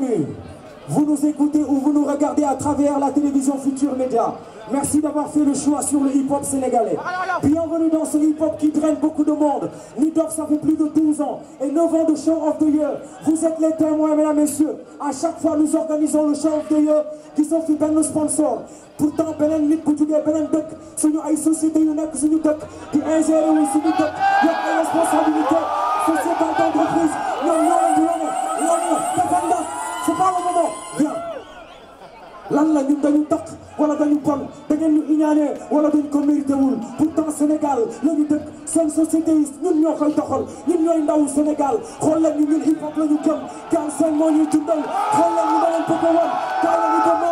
bienvenue. Vous nous écoutez ou vous nous regardez à travers la télévision Futur Média. Merci d'avoir fait le choix sur le hip-hop sénégalais. Bienvenue dans ce hip-hop qui draine beaucoup de monde. Nidof, ça fait plus de 12 ans et 9 ans de Show of the Year. Vous êtes les témoins, mesdames, messieurs. À chaque fois, nous organisons le Show of the Year qui sont fi benn sponsor. pourtant beneen nit bu jugee beneen dëkk suñu ay société yu nekk suñu xaaruma lan la ñun dañu takk wala dañu bon da ngeen ñu iñaanee wala dañ ko mérité wul pourtant Sénégal la ñu dëkk seen société yi ñun ñoo koy doxal ñun ñooy ndawu Sénégal xool leen ñu ñun hip hop la ñu gëm Galsen moo ñuy dundal xool leen ñu ma leen bëgg a wan kaa la ñu ko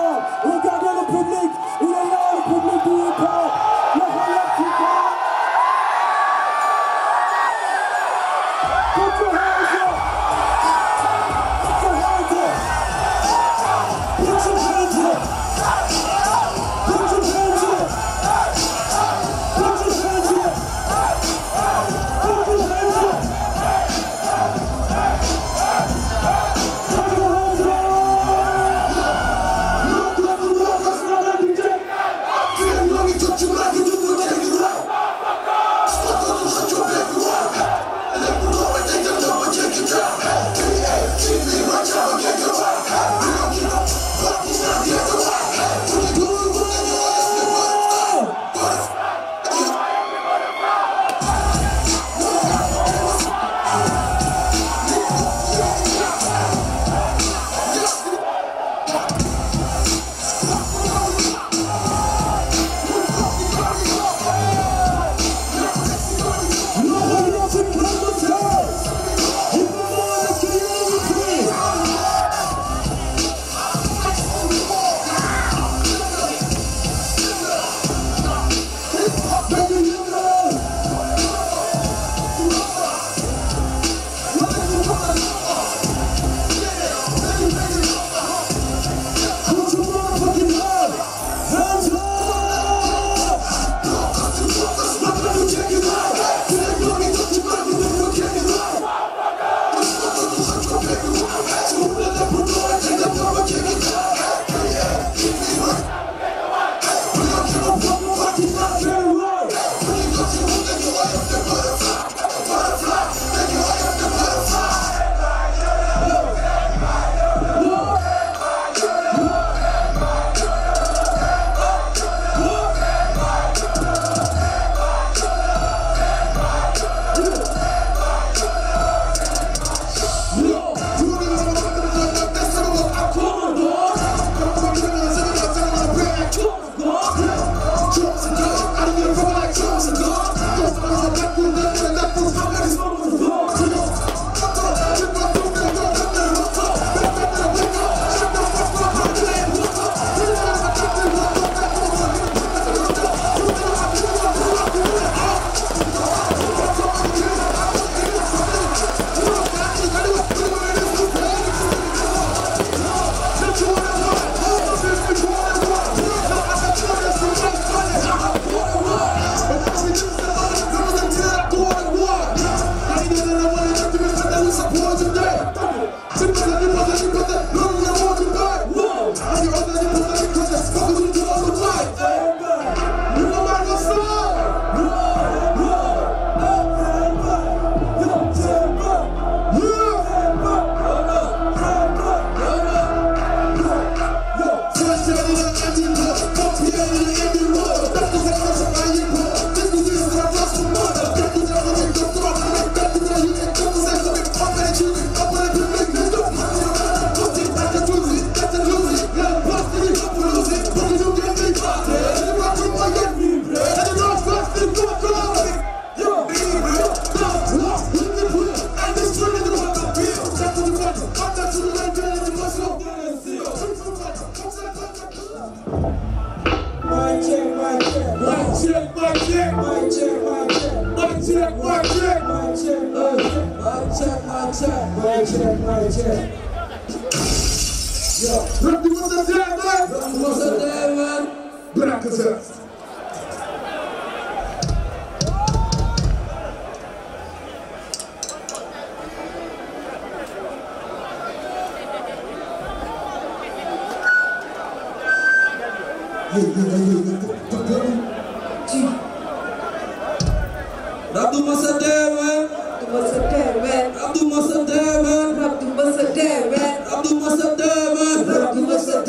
Yo, Rock the Monster Demon! Rock the Monster Demon! Black Assassin! Rabdu Masa Dewe Rabdu Masa Dewe Rabdu Masa Dewe Rabdu Masa Dewe Rabdu Masa Dewe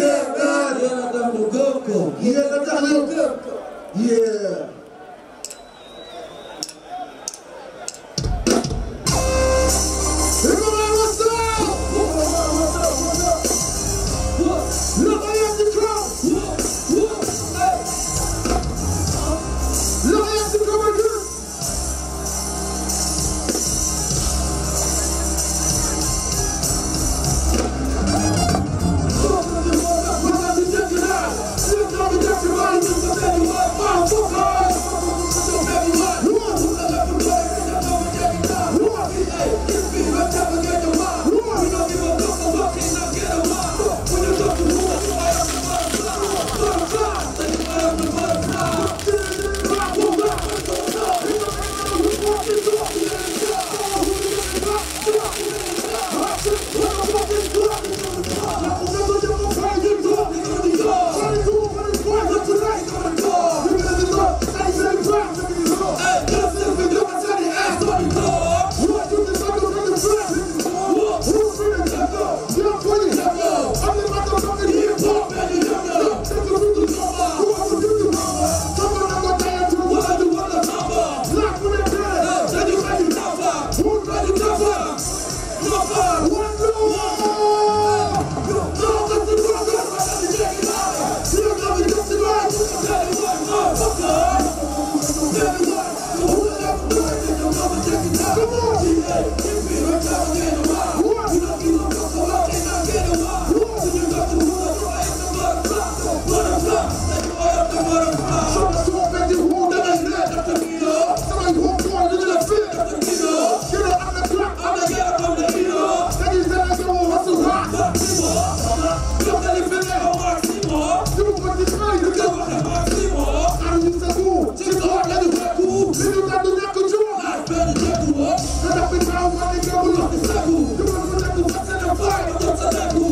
Let up and down, running, go, look, the circle. You want to protect the what's in the fire, what's in the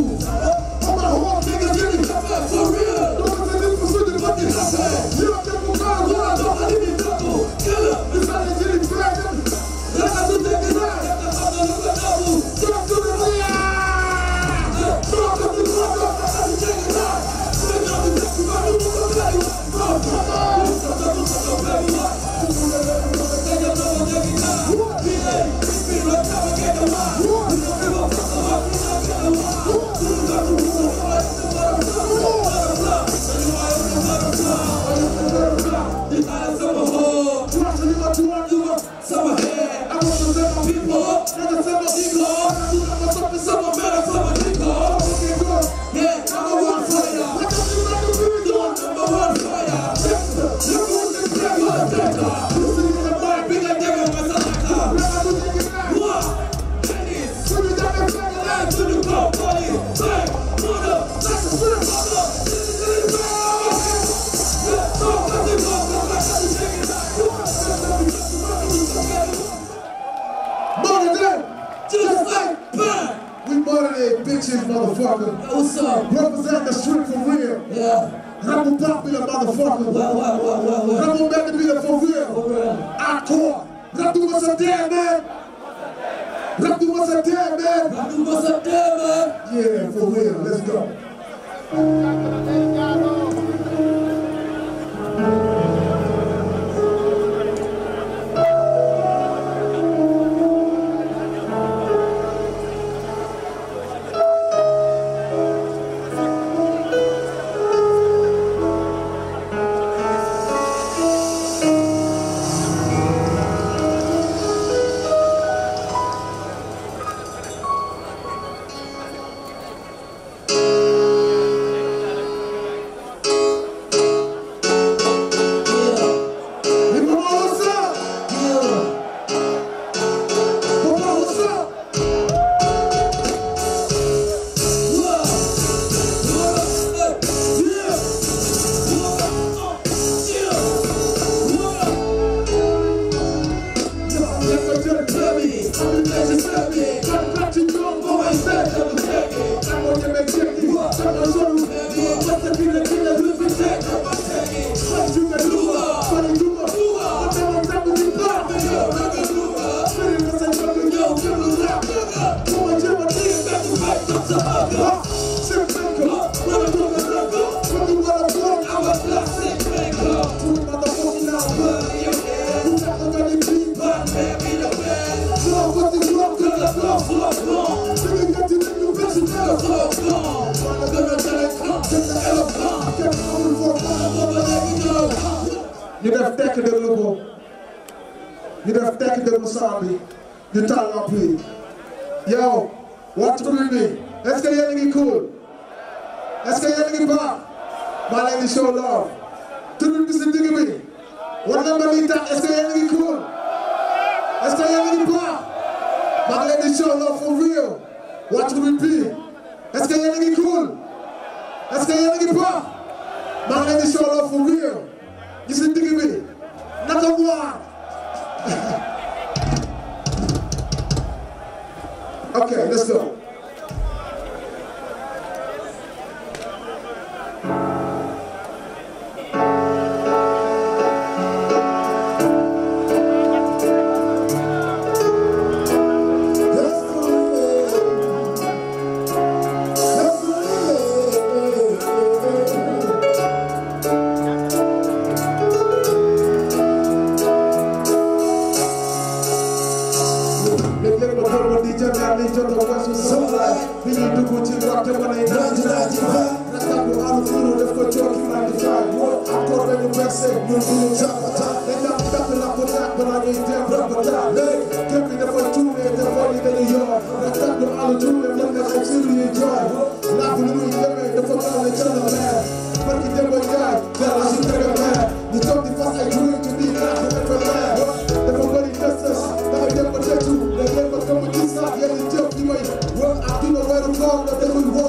blir för förvirrad. Ackord. Radu massa dämmer. Radu massa dämmer. Radu massa dämmer. Yeah, for real. Let's go. bi di taal lamp yi yow waa tukulul bi est-ce que maa leen di show love tukulul bi si digg bi war na mën di taal a ngi cool est-ce que yéen a ngi baax maa leen di show love for real waa tukulul bi est a ngi maa leen di show love naka waar Okay, let's go. laaj bi ñuy dugg ci rab te mën a naan di laaj di faay nattaat bu am fiiru def ko jokki naan di faay moo encore benn verset ñun du ñu jàppataa dañ daan fekk rab bu naat balaa ñuy dem rab bu taa léegi képp bi dafa tuumee te xool yi dañuy yor nattaat bu am tuumee mën nga xam si lu ñuy jooy clown that they will walk.